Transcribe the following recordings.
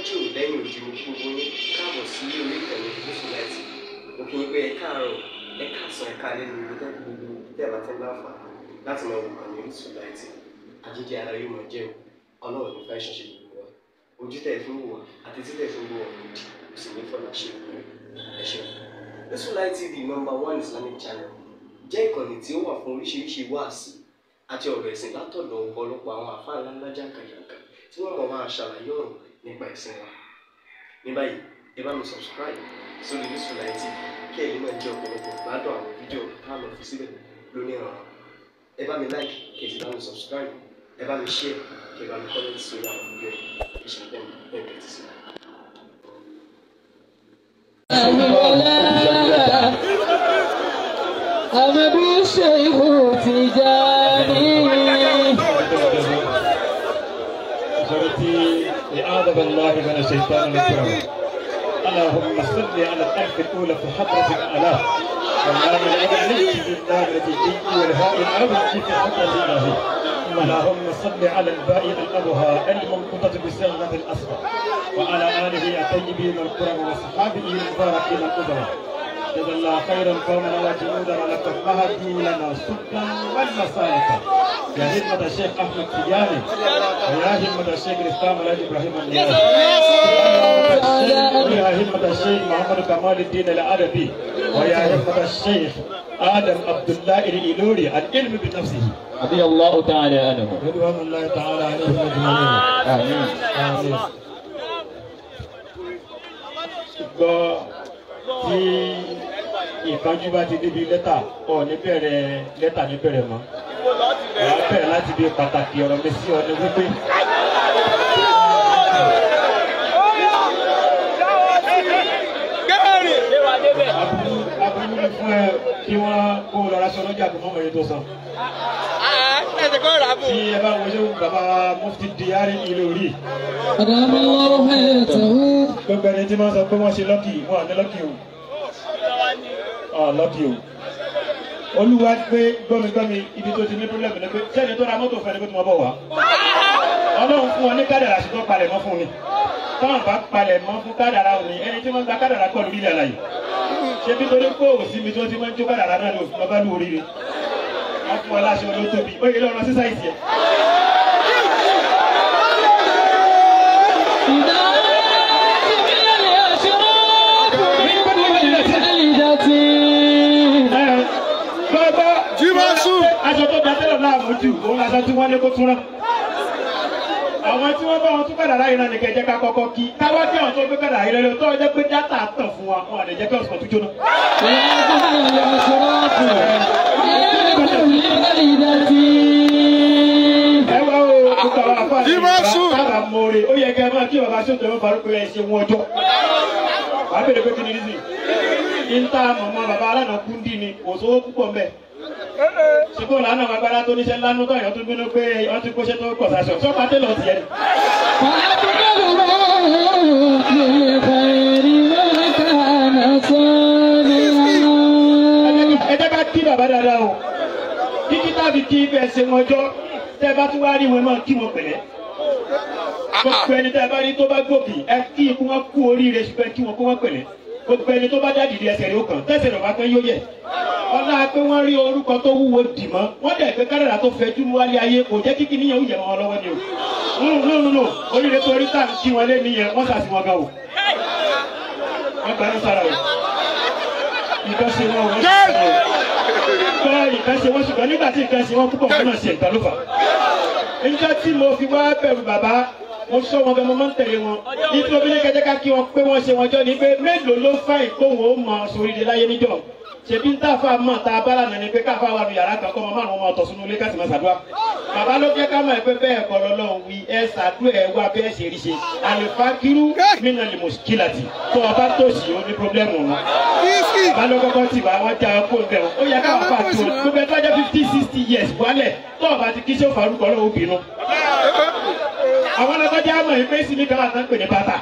ṣáájú lẹ́yìn òdi gbogbo yín káàbọ̀ sí orí ìtẹ̀wé gúúsù láti mo kí n pé ẹ káàárọ̀ ẹ káàsán ẹ káàlẹ́ lórí ibi tẹ́lẹ̀ gbogbo tẹ́ ẹ bá tẹ́ láǹfà láti máa wò àmì gúúsù láti àjíjẹ ara yóò máa jẹun ọlọ́run nípa ìṣẹ̀ṣẹ̀ gbogbo wa ojú tẹ̀ fún wò àti títẹ̀ fún wò ọ̀rọ̀ òdì kò sì ní fọlá ṣe ẹ ṣeun. gúúsù láì tv number one islamic channel jẹ́ ìkànnì tí ó wà fún oríṣiríṣi wáàsí àti ọ̀rọ̀ ẹ̀sìn látọ̀dọ̀ ọ̀pọ̀lọpọ̀ àwọn àfáà ńláńlá jákàjàkà tí wọ́n mọ̀ máa ṣàlàyé ọ̀rọ̀ nípa ẹ̀sìn wa ní báyìí ẹ bá mi subscribe sórí Yusuflahi TV kí ẹ̀yin máa jẹ ọ̀pọ̀lọpọ̀ gbádùn àwọn fídíò tá a lọ fi síbẹ̀ lónìí ọ̀ràn ẹ bá mi like kí ẹ sì bá mi subscribe ẹ bá mi share kí ẹ bá mi comment sórí àwọn fídíò yìí ìṣẹ̀lẹ̀ bẹ́ẹ̀ bẹ́ẹ̀ ti sí. أما بالشيخ تجاه أعوذ بالله من الشيطان الكريم اللهم صل على الألف الأولى في حضرة الآلاف والنام الأبدي بالنام الجدي والهاء الأبدي في حضرة الإلهي اللهم صل على الباء الأبهى المنقطة بسرعة الأصفر وعلى آله الطيبين القرى وصحابه المباركين القدرة جزا الله خيرا قومنا وجنودنا لقد مهدوا لنا سدا والمسالك يا همة الشيخ أحمد تياني ويا همة الشيخ الإسلام الحاج إبراهيم ويا همة الشيخ محمد كمال الدين العربي ويا همة الشيخ آدم عبد الله الإيلوري العلم بنفسه رضي الله تعالى عنه رضوان الله تعالى عليهم أجمعين آمين آمين في tí ìkanjú bá ti débi lẹ́tà ọ̀ ní bẹ̀rẹ̀ lẹ́tà ní bẹ̀rẹ̀ mọ́ wàá bẹ̀rẹ̀ láti bí pàtàkì ọ̀rọ̀ mi sí ọ ní wípé. aburú fún ẹ kí wọ́n kó lọ́ra sọ lọ́jà tó mọ́mọ́ yìí tó san. tí ẹ bá wọlé bàbá mufti diari Ìlọrí. àdàmọ́ ọ̀hẹ́ tẹ̀wọ́. gbogbo ẹni tí wọ́n sọ pé wọ́n ṣe lọ́kì wọ́n àná lọ́kì o. I love you olúwa pé gbọ́migbọ́mi ibi tó ti ní pírọ́lẹ́mù ni pé sẹ́ni tó ra mọ́tò fẹ́ ni pé tí mo bọ̀ wá ọlọ́run fún wọn ní kádàrà ṣùgbọ́n palẹ̀ mọ́ fún mi táwọn bá palẹ̀ mọ́ fún kádàrà òní ẹni tí wọ́n gba kádàrà pọ̀ lórí ilẹ̀ àlàyé ṣé bí torí pé òsì mi tó ti máa ń jó kádàrà náà lò fún ọba lù oríire wọ́n fún ọ láṣẹ olótóbi ó yẹ lọ́rọ̀ sísáìsì ẹ̀. àwọn tí wọ́n lé kó túnra àwọn tí wọ́n bá wọn tún kàdàrá yìí náà nìkẹ́ jẹ́ ká kọ́kọ́ kí táwa kí àwọn tó gbé kàdàrá yìí lọ́yọ́ tó ọjọ́ pé dátà tàn fún wa wọn àdèjẹ́ kí ọ̀sán tún jóná. o kókò àwọn afáàlì bàbá mọ̀ọ́rẹ́ ó yẹ kẹ́ ẹ máa kí bàbá ṣe wọn wàá bèrè pé kí ni rí sí i. ní ta mọ̀mọ́ bàbá alánà kúndì òṣòwò púpọ̀ mbẹ́ ṣùgbọ́n làánà wọn agbára tó níṣẹ́ ńlá nùtọ̀ yẹn bínú pé wọ́n ti kóṣẹ́ tó pọ̀ sàṣọ sọ́pàá tẹ́lọ̀ tiẹ̀ ni. ẹjẹ́ bá kí bàbá dáadáa o kíkí tàbí kí ibẹ̀ ṣe wọn jọ tẹ́ bá tún wá rí wọn máa kí wọn pẹ̀lẹ́ gbogbo ẹni tẹ́ bá rí tó bá gbòkì ẹ kí ikú wọn kú oríire ṣùgbọ́n kí wọn kó wọn pẹ̀lẹ́ gbogbo ẹni tó bá dá dìde ẹsẹ̀ rẹ̀ ó kàn tẹ́sẹ̀ rẹ̀ wá pẹ́ yóò yẹ ọlá pé wọ́n rí orúkọ tó wúwo dì mọ́ wọ́n dẹ̀ pé kádàrà tó fẹjú wálé ayé kò jẹ́ kíkí níyẹn ó yẹ wọn lọ́wọ́ ni o nùnùnùnù oríire tó rí tá à ń kí wọn lé nìyẹn wọ́n sàṣì wọn ga o wọ́n gbà ń sára o ìkànsí wọn wọ́n sì sọ gbọ́ ìkànsí wọn ṣùgbọ́n nígbà tí ìkànsí wọn púpọ̀ wọn náà ìtàlófà níjọ́ tí mo fi wá bẹ̀rù bàbá mo sọ wọn bẹ mo máa ń tẹ̀lé wọn nítorí kẹjẹ ká kí wọn pé wọn ṣe wọn jọ ni pé mélòó ló fà ìkóhùn ó mọ sórí ilé láyé níjọ́ ṣebí ta tà fà mọ̀ tá a bá lànà ni pé káfà wà nù yàrá kan kọ́ mọ márùn-ún ọmọ ọ̀tọ̀ sínú ilé kásìmọ̀ sàdúrà bàbá ló jẹ́ ká mọ̀ ẹ pé bẹ́ẹ̀ kọ́ lọ́lọ́run wí ẹ sàdúrà ẹ wá bẹ́ẹ̀ ṣe rí ṣe àlefakiru mina lè mùsùkìlàtì tó ọba tó ṣì ó ní pọ́blẹ́mù ọ̀nà. bàbá ló kọ́kọ́ tì wá wọ́n já kó bẹ̀ ó yẹ ká fà tó gbogbo ẹ tó jẹ́ fifty sixty years wálẹ̀ tó ọba ti kí sófà orúkọ lọ́wọ́ bínú. àwọn ọlọ́kọ́ jẹ́ àmọ̀ ìpèsè mi kan àtàkùn ní bàtà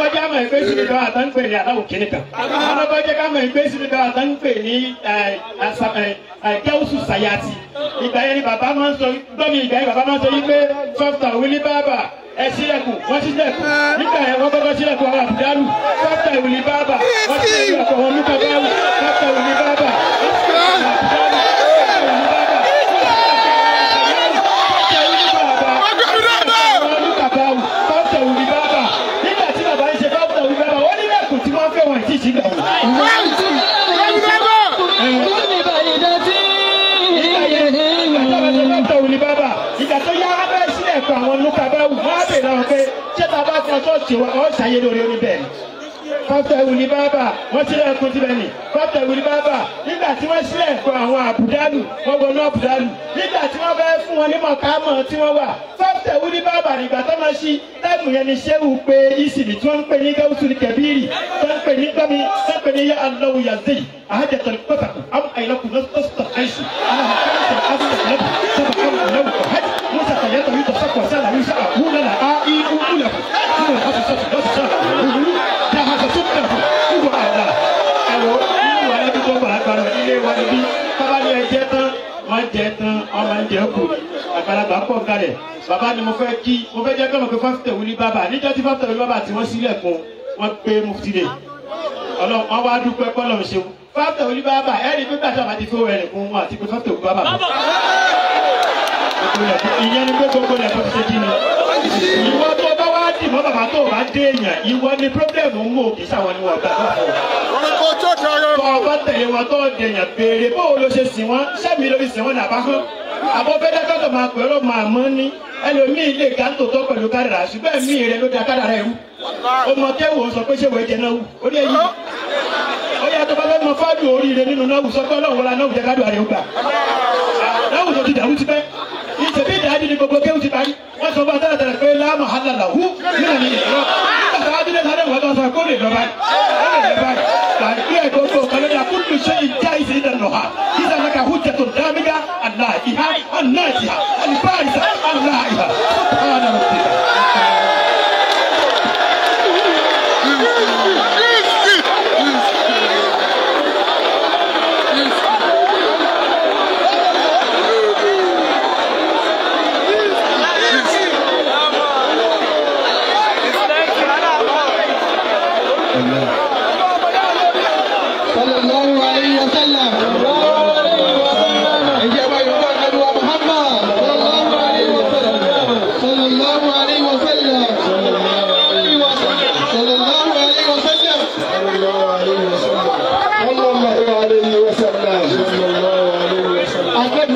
tó jẹ́ àmọ̀ ìgbé sí mi dọ́ àtàn pè ní aláwọ̀ kìíní kan àwọn tó jẹ́ àmọ̀ ìgbé sí mi dọ́ àtàn pè ní eh, eh, eh, gẹ́wùsù sàyàtì ìgbà yẹn ni bàbá máa ń sọ gbọ́mi ìgbà yẹn bàbá máa ń sọ yí pé sọ́fùtà wílí bàbà ẹ sílẹ̀kùn wọ́n sílẹ̀kùn nígbà yẹn wọ́n kọ́kọ́ sílẹ̀kùn àwọn àbùdálù sọ́fùtà wílí bàbà wọ́n sílẹ̀kùn àwọn olùkọ́ sọ àwọn lúkà bá wù wọ́n á bèèrè àwọn pé ṣé ta bá kan ṣọ́ọ̀ṣì wa ọ̀ ṣàyè lórí oníbẹ̀ ni kọ́tà ìwúni bábà wọ́n sílẹ̀ kún tibẹ̀ ni kọ́tà ìwúni bábà nígbà tí wọ́n sílẹ̀ kọ àwọn àbùdálù wọ́n wọnú àbùdálù nígbà tí wọ́n fẹ́ fún wọn ní mọ̀kámọ̀ tí wọ́n wà kọ́tà ìwúni bábà nígbà tó máa ṣí táìmù yẹn ni ṣéwù pé ìsìlì tí wọ́n ń pè ní gáúsù ní kẹ̀bírì tó ń pè ní gbọ́mi tó ń pè ní aláwù yàzé àhájẹtọ̀ ní pọ́tàkù àwọn àyìnlọ́kù lọ́sọ̀tọ̀ wọn máa ń jẹ kù àgbàlagbà pọ̀ kalẹ̀ bàbá ni mo fẹ́ kí mo fẹ́ jẹ́ kí ọ̀nà pé fásitì wuli bàbá níjọ́ tí fásitì wuli bàbá tí wọ́n sílẹ̀kùn wọ́n pé mufti lè ọlọ́run wọn wá dúpẹ́ kọ́lọ̀ ń ṣeun fásitì wuli bàbá ẹni pé gbàtà àti fi wẹ̀rẹ̀ kún wọn àti pé fásitì wuli bàbá ìyẹn ni pé gbogbo rẹ̀ kọ́ ti ṣe kí ni ìwọ tó bá wá dì mọ́ bàbá tó bá dé èèyàn ìwọ ni pírọ́blẹ̀mù ń wò kì í ṣàwọn ni wọ́n gbà tó ọba tẹ̀lé wọn tó dèèyàn béèrè bó o lo ṣe sìn wọn sẹ́mi lórí sìn wọn nàbá hàn àbọ̀fẹ́dẹ́ tọ́tọ̀ máa pẹ̀lú màmú ní ẹlòmíì lè ká tòótọ́ pẹ̀lú kádàrà ṣùgbọ́n ẹ̀mí rẹ ló da kádàrà ẹ̀wù ọmọ kẹwò sọ pé ṣé wòye jẹ náà wù ó lè yí ó yà tó bá fẹ́ mọ fáàdù oríire nínú náà wù sọ pé ọlọ́run la náà wù jẹ kádùn àrẹ gbà náà wù sọ ti dàrú ti pẹ́ ìṣèbí ìdájú ni gbogbo kéwù ti parí wọ́n sọ fún àtàlàtàlà pé láàmú Sallallahu alayhi wa sallam